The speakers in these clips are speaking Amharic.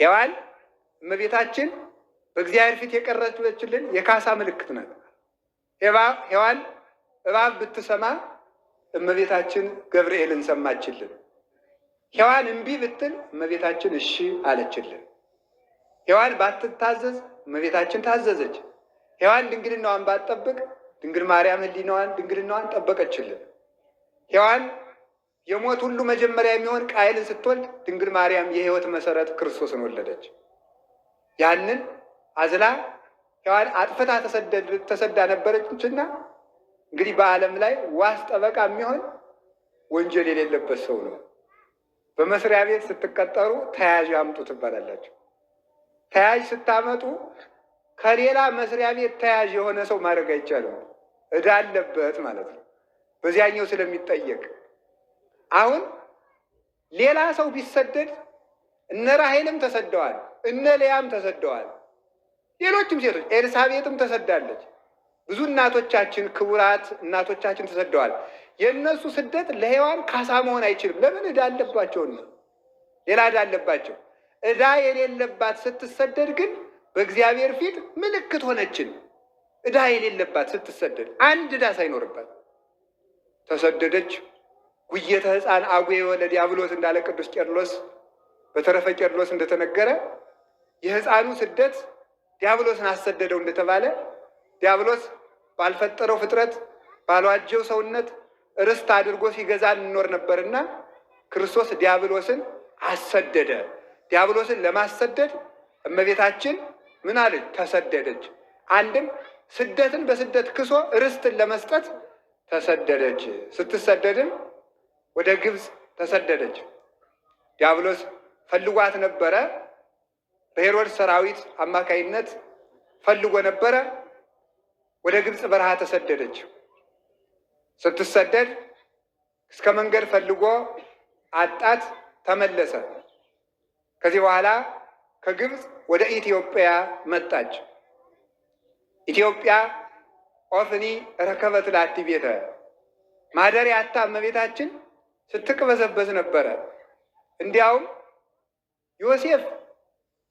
ሔዋን እመቤታችን በእግዚአብሔር ፊት የቀረችልን የካሳ ምልክት ነው። ሔዋን እባብ ብትሰማ እመቤታችን ገብርኤልን ሰማችልን። ሔዋን እምቢ ብትል እመቤታችን እሺ አለችልን። ሔዋን ባትታዘዝ እመቤታችን ታዘዘች። ሔዋን ድንግልናዋን ባትጠብቅ ድንግል ማርያም ሕሊናዋን ድንግልናዋን ጠበቀችልን። ሔዋን የሞት ሁሉ መጀመሪያ የሚሆን ቃየልን ስትወልድ ድንግል ማርያም የህይወት መሰረት ክርስቶስን ወለደች። ያንን አዝላ ሔዋን አጥፍታ ተሰዳ ነበረችና እንግዲህ በዓለም ላይ ዋስ ጠበቃ የሚሆን ወንጀል የሌለበት ሰው ነው። በመስሪያ ቤት ስትቀጠሩ ተያዥ አምጡ ትባላላችሁ። ተያዥ ስታመጡ ከሌላ መስሪያ ቤት ተያዥ የሆነ ሰው ማድረግ አይቻልም። እዳ አለበት ማለት ነው። በዚያኛው ስለሚጠየቅ አሁን ሌላ ሰው ቢሰደድ እነ ራሄልም ተሰደዋል፣ እነ ሊያም ተሰደዋል። ሌሎችም ሴቶች ኤልሳቤጥም ተሰዳለች። ብዙ እናቶቻችን ክቡራት እናቶቻችን ተሰደዋል። የእነሱ ስደት ለሔዋን ካሳ መሆን አይችልም። ለምን እዳ አለባቸው ሌላ እዳ አለባቸው። እዳ የሌለባት ስትሰደድ ግን በእግዚአብሔር ፊት ምልክት ሆነችን። እዳ የሌለባት ስትሰደድ አንድ እዳ ሳይኖርባት ተሰደደች። ጉየተ ሕፃን አጉየ ዲያብሎስ እንዳለ ቅዱስ ቄርሎስ በተረፈ ቄርሎስ እንደተነገረ የሕፃኑ ስደት ዲያብሎስን አሰደደው እንደተባለ ዲያብሎስ ባልፈጠረው ፍጥረት ባልዋጀው ሰውነት ርስት አድርጎ ሲገዛ እንኖር ነበርና ክርስቶስ ዲያብሎስን አሰደደ። ዲያብሎስን ለማሰደድ እመቤታችን ምን አለች? ተሰደደች። አንድም ስደትን በስደት ክሶ ርስትን ለመስጠት ተሰደደች። ስትሰደድም ወደ ግብፅ ተሰደደች። ዲያብሎስ ፈልጓት ነበረ። በሄሮድስ ሰራዊት አማካይነት ፈልጎ ነበረ። ወደ ግብፅ በረሃ ተሰደደች። ስትሰደድ እስከ መንገድ ፈልጎ አጣት፣ ተመለሰ። ከዚህ በኋላ ከግብፅ ወደ ኢትዮጵያ መጣች። ኢትዮጵያ ኦፍኒ ረከበት ላቲ ቤተ ማደሪያ አታ እመቤታችን ስትቅበዘበዝ ነበረ። እንዲያውም ዮሴፍ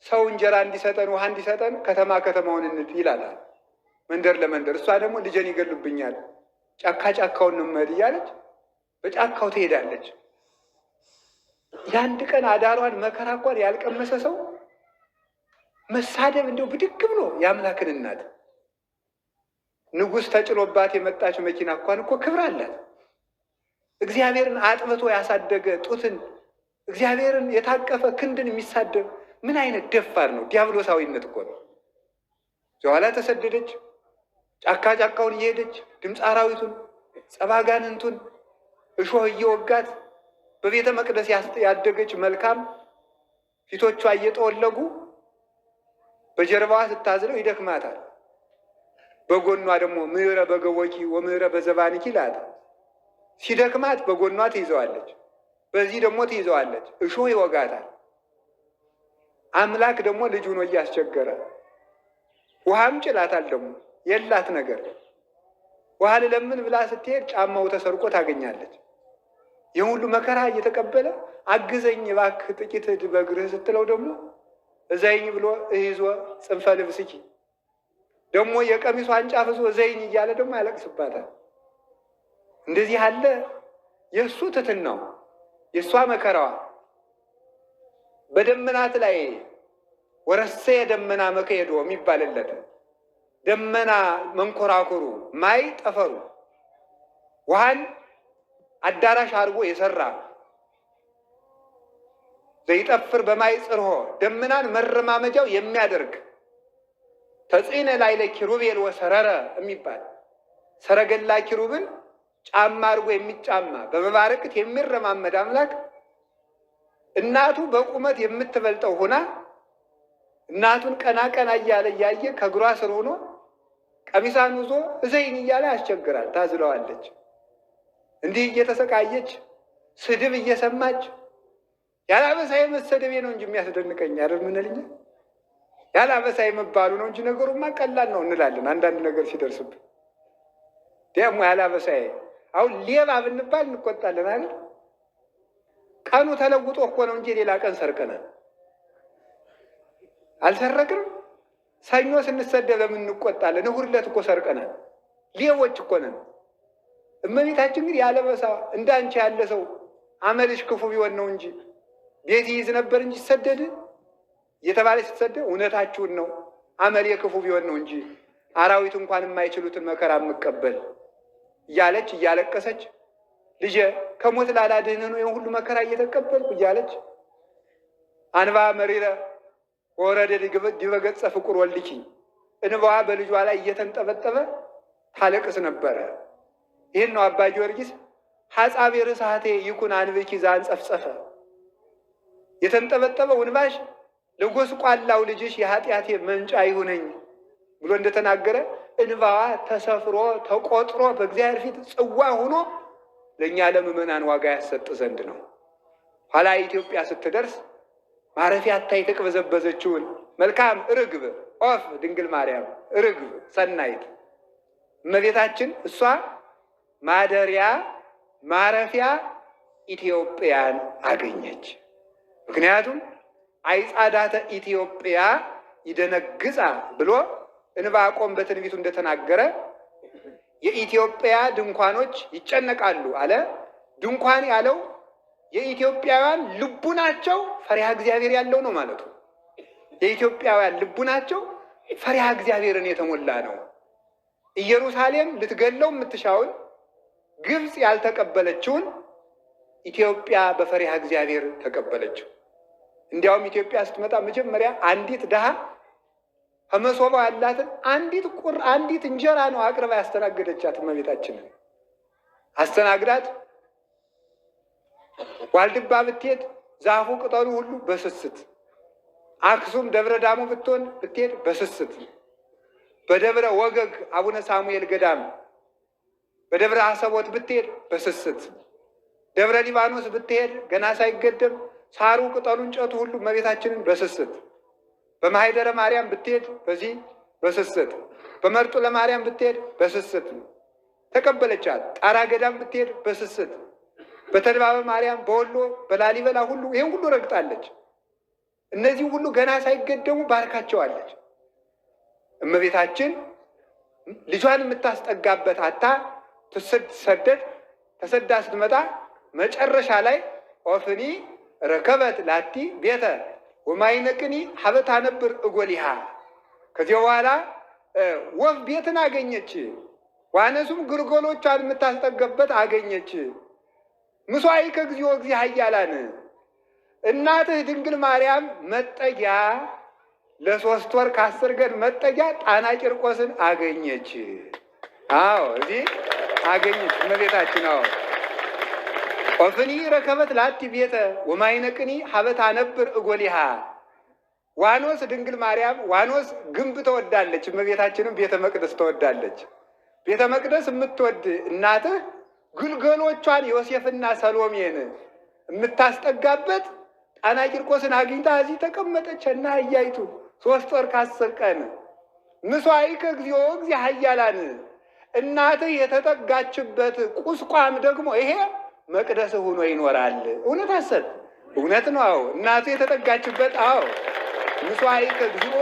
ሰው እንጀራ እንዲሰጠን ውሃ እንዲሰጠን ከተማ ከተማውን እንት ይላላል፣ መንደር ለመንደር። እሷ ደግሞ ልጄን ይገሉብኛል፣ ጫካ ጫካውን እንመድ እያለች በጫካው ትሄዳለች። የአንድ ቀን አዳሯን መከራ እንኳን ያልቀመሰ ሰው መሳደብ እንደው ብድግ ብሎ የአምላክን እናት ንጉሥ ተጭኖባት የመጣች መኪና እንኳን እኮ ክብር አላት። እግዚአብሔርን አጥብቶ ያሳደገ ጡትን እግዚአብሔርን የታቀፈ ክንድን የሚሳደብ ምን አይነት ደፋር ነው? ዲያብሎሳዊነት እኮ ነው። ኋላ ተሰደደች፣ ጫካ ጫካውን እየሄደች ድምፅ አራዊቱን ጸባጋንንቱን እሾህ እየወጋት በቤተ መቅደስ ያደገች መልካም ፊቶቿ እየጠወለጉ በጀርባዋ ስታዝለው ይደክማታል። በጎኗ ደግሞ ምዕረ በገቦኪ ወምዕረ በዘባንኪ ይላታል። ሲደክማት በጎኗ ትይዘዋለች፣ በዚህ ደግሞ ትይዘዋለች። እሾህ ይወጋታል። አምላክ ደግሞ ልጅ ሆኖ እያስቸገረ ውሃም ጭላታል። ደግሞ የላት ነገር ውሃ ልለምን ብላ ስትሄድ ጫማው ተሰርቆ ታገኛለች። የሁሉ መከራ እየተቀበለ አግዘኝ እባክህ ጥቂት በእግርህ ስትለው ደግሞ እዘኝ ብሎ እይዞ ጽንፈ ልብስኪ ደግሞ የቀሚሷን ጫፍ ዘይኝ እያለ ደግሞ ያለቅስባታል። እንደዚህ አለ የእሱ ትትን ነው የእሷ መከራዋ በደመናት ላይ ወረሰ የደመና መከሄዶ የሚባልለት ደመና መንኮራኩሩ ማይ ጠፈሩ ውሃን አዳራሽ አድርጎ የሰራ ዘይጠፍር በማይ ጽርሆ ደመናን መረማመጃው የሚያደርግ ተጽዕነ ላይ ኪሩቤል ወሰረረ የሚባል ሰረገላ ኪሩብን ጫማ አድርጎ የሚጫማ በመባረቅት የሚረማመድ አምላክ እናቱ በቁመት የምትበልጠው ሆና እናቱን ቀና ቀና እያለ እያየ ከእግሯ ስር ሆኖ ቀሚሳን ውዞ እዘይን እያለ ያስቸግራል። ታዝለዋለች። እንዲህ እየተሰቃየች ስድብ እየሰማች ያላበሳ የመሰደቤ ነው እንጂ የሚያስደንቀኝ አይደል ምንልኛ ያላበሳዬ መባሉ ነው እንጂ ነገሩማ ቀላል ነው እንላለን። አንዳንድ ነገር ሲደርስብ ደግሞ ያላበሳዬ አሁን ሌባ ብንባል እንቆጣለን አይደል? ቀኑ ተለውጦ እኮ ነው እንጂ ሌላ ቀን ሰርቀናል አልሰረቅንም። ሰኞ ስንሰደብ ለምን እንቆጣለን? እሑድ ዕለት እኮ ሰርቀናል። ሌቦች እኮ ነን። እመቤታችን ግን ያለበሳ እንዳንቺ ያለ ሰው አመልሽ ክፉ ቢሆን ነው እንጂ ቤት ይይዝ ነበር እንጂ ይሰደድ እየተባለ ስትሰደብ እውነታችሁን ነው አመሌ ክፉ ቢሆን ነው እንጂ አራዊት እንኳን የማይችሉትን መከራ የምቀበል እያለች እያለቀሰች ልጄ ከሞት ላላድህን ነው ይህን ሁሉ መከራ እየተቀበልኩ እያለች አንባ መሪረ ወረደ ዲበ ገጸ ፍቁር ወልድኪ እንባዋ በልጇ ላይ እየተንጠበጠበ ታለቅስ ነበረ። ይህን ነው አባ ጊዮርጊስ ሐጻቤ ርሳቴ ይኩን አንብኪ ዘአንጸፍጸፈ የተንጠበጠበው እንባሽ ለጎስቋላው ልጅሽ የኃጢአቴ መንጫ ይሁነኝ ብሎ እንደተናገረ እንባ ተሰፍሮ ተቆጥሮ በእግዚአብሔር ፊት ጽዋ ሆኖ ለእኛ ለምእመናን ዋጋ ያሰጥ ዘንድ ነው። ኋላ ኢትዮጵያ ስትደርስ ማረፊያ አታ የተቅበዘበዘችውን መልካም ርግብ ኦፍ ድንግል ማርያም ርግብ ሰናይት እመቤታችን እሷ ማደሪያ ማረፊያ ኢትዮጵያን አገኘች። ምክንያቱም አይጻዳተ ኢትዮጵያ ይደነግጻ ብሎ እንባቆም በትንቢቱ እንደተናገረ የኢትዮጵያ ድንኳኖች ይጨነቃሉ አለ። ድንኳን ያለው የኢትዮጵያውያን ልቡናቸው ፈሪሃ እግዚአብሔር ያለው ነው ማለቱ። የኢትዮጵያውያን ልቡናቸው ፈሪሃ እግዚአብሔርን የተሞላ ነው። ኢየሩሳሌም ልትገለው የምትሻውን ግብፅ ያልተቀበለችውን ኢትዮጵያ በፈሪሃ እግዚአብሔር ተቀበለችው። እንዲያውም ኢትዮጵያ ስትመጣ መጀመሪያ አንዲት ድሃ ከመሶባ ያላትን አንዲት ቁር አንዲት እንጀራ ነው አቅርባ ያስተናገደቻት እመቤታችንን አስተናግዳት ዋልድባ ብትሄድ ዛፉ ቅጠሉ ሁሉ በስስት አክሱም ደብረ ዳሙ ብትሆን ብትሄድ በስስት በደብረ ወገግ አቡነ ሳሙኤል ገዳም በደብረ አሰቦት ብትሄድ በስስት ደብረ ሊባኖስ ብትሄድ ገና ሳይገደም ሳሩ ቅጠሉ እንጨቱ ሁሉ እመቤታችንን በስስት በማኅደረ ማርያም ብትሄድ በዚህ በስስት በመርጡ ለማርያም ብትሄድ በስስት ተቀበለቻት። ጣራ ገዳም ብትሄድ በስስት በተድባበ ማርያም በወሎ በላሊበላ ሁሉ ይህን ሁሉ ረግጣለች። እነዚህ ሁሉ ገና ሳይገደሙ ባርካቸዋለች። እመቤታችን ልጇን የምታስጠጋበት አታ ሰደድ ተሰዳ ስትመጣ መጨረሻ ላይ ኦፍኒ ረከበት ላቲ ቤተ ወማይነቅኒ ሀበታ ነብር እጎሊሃ። ከዚያ በኋላ ወፍ ቤትን አገኘች። ዋነሱም ግልገሎቿን የምታስጠገበት አገኘች። ምሷይ ከጊዜ እግዚእ ሀያላን እናትህ ድንግል ማርያም መጠጊያ ለሶስት ወር ከአስር ቀን መጠጊያ ጣና ጭርቆስን አገኘች። አዎ እዚህ አገኘች እመቤታችን። አዎ ቆፍኒ ረከበት ላቲ ቤተ ወማይነቅኒ ሀበት አነብር እጎሊሃ ዋኖስ ድንግል ማርያም ዋኖስ ግንብ ተወዳለች። እመቤታችንም ቤተ መቅደስ ተወዳለች። ቤተ መቅደስ የምትወድ እናትህ ግልገሎቿን ዮሴፍና ሰሎሜን የምታስጠጋበት ጣና ቂርቆስን አግኝታ እዚህ ተቀመጠች እና አህያይቱ ሶስት ወር ከአስር ቀን ምስዋይከ እግዚኦ እግዚእ ኃያላን እናትህ የተጠጋችበት ቁስቋም ደግሞ ይሄ መቅደስ ሆኖ ይኖራል። እውነት አሰብ እውነት ነው። አዎ እናቱ የተጠጋችበት አዎ ምጽዋዕከ እግዚኦ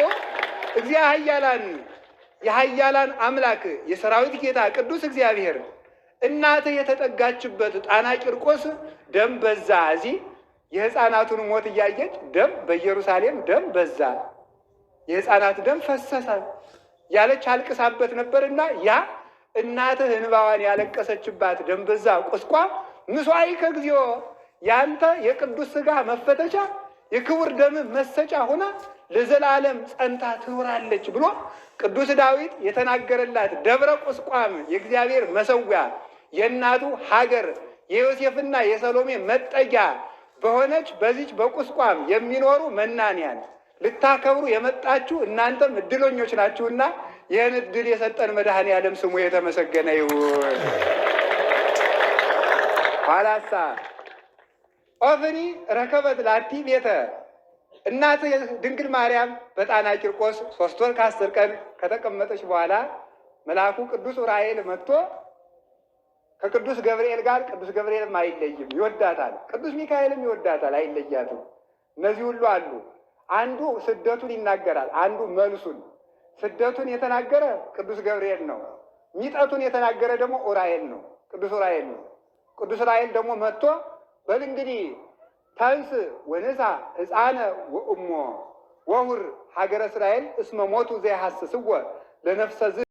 እግዚአ ኃያላን የኃያላን አምላክ የሰራዊት ጌታ ቅዱስ እግዚአብሔር እናተ የተጠጋችበት ጣና ቂርቆስ ደም በዛ። እዚህ የህፃናቱን ሞት እያየች ደም በኢየሩሳሌም ደም በዛ፣ የህፃናት ደም ፈሰሰ ያለች አልቅሳበት ነበርና ያ እናትህ እንባዋን ያለቀሰችባት ደም በዛ ቁስቋም ምሷይ ከግዚኦ ያንተ የቅዱስ ሥጋ መፈተቻ የክቡር ደም መሰጫ ሆና ለዘላለም ጸንታ ትኖራለች ብሎ ቅዱስ ዳዊት የተናገረላት ደብረ ቁስቋም የእግዚአብሔር መሰዊያ የእናቱ ሀገር የዮሴፍና የሰሎሜ መጠጊያ በሆነች በዚች በቁስቋም የሚኖሩ መናንያን ልታከብሩ የመጣችሁ እናንተም እድለኞች ናችሁና ይህን እድል የሰጠን መድኃኔ ዓለም ስሙ የተመሰገነ ይሁን። ኋላሳ ኦፍኒ ረከበት ላቲ ቤተ እናት ድንግል ማርያም በጣና ቂርቆስ ሶስት ወር ከአስር ቀን ከተቀመጠች በኋላ መልአኩ ቅዱስ ዑራኤል መጥቶ ከቅዱስ ገብርኤል ጋር ቅዱስ ገብርኤልም አይለይም ይወዳታል፣ ቅዱስ ሚካኤልም ይወዳታል አይለያትም። እነዚህ ሁሉ አሉ። አንዱ ስደቱን ይናገራል፣ አንዱ መልሱን። ስደቱን የተናገረ ቅዱስ ገብርኤል ነው። ሚጠቱን የተናገረ ደግሞ ዑራኤል ነው፣ ቅዱስ ዑራኤል ነው። ቅዱስ ራኤል ደግሞ መጥቶ በል እንግዲህ ተንስ ወንሳ ሕፃነ ወእሞ ወሁር ሀገረ እስራኤል እስመ ሞቱ ዘይሐስስዎ ለነፍሰ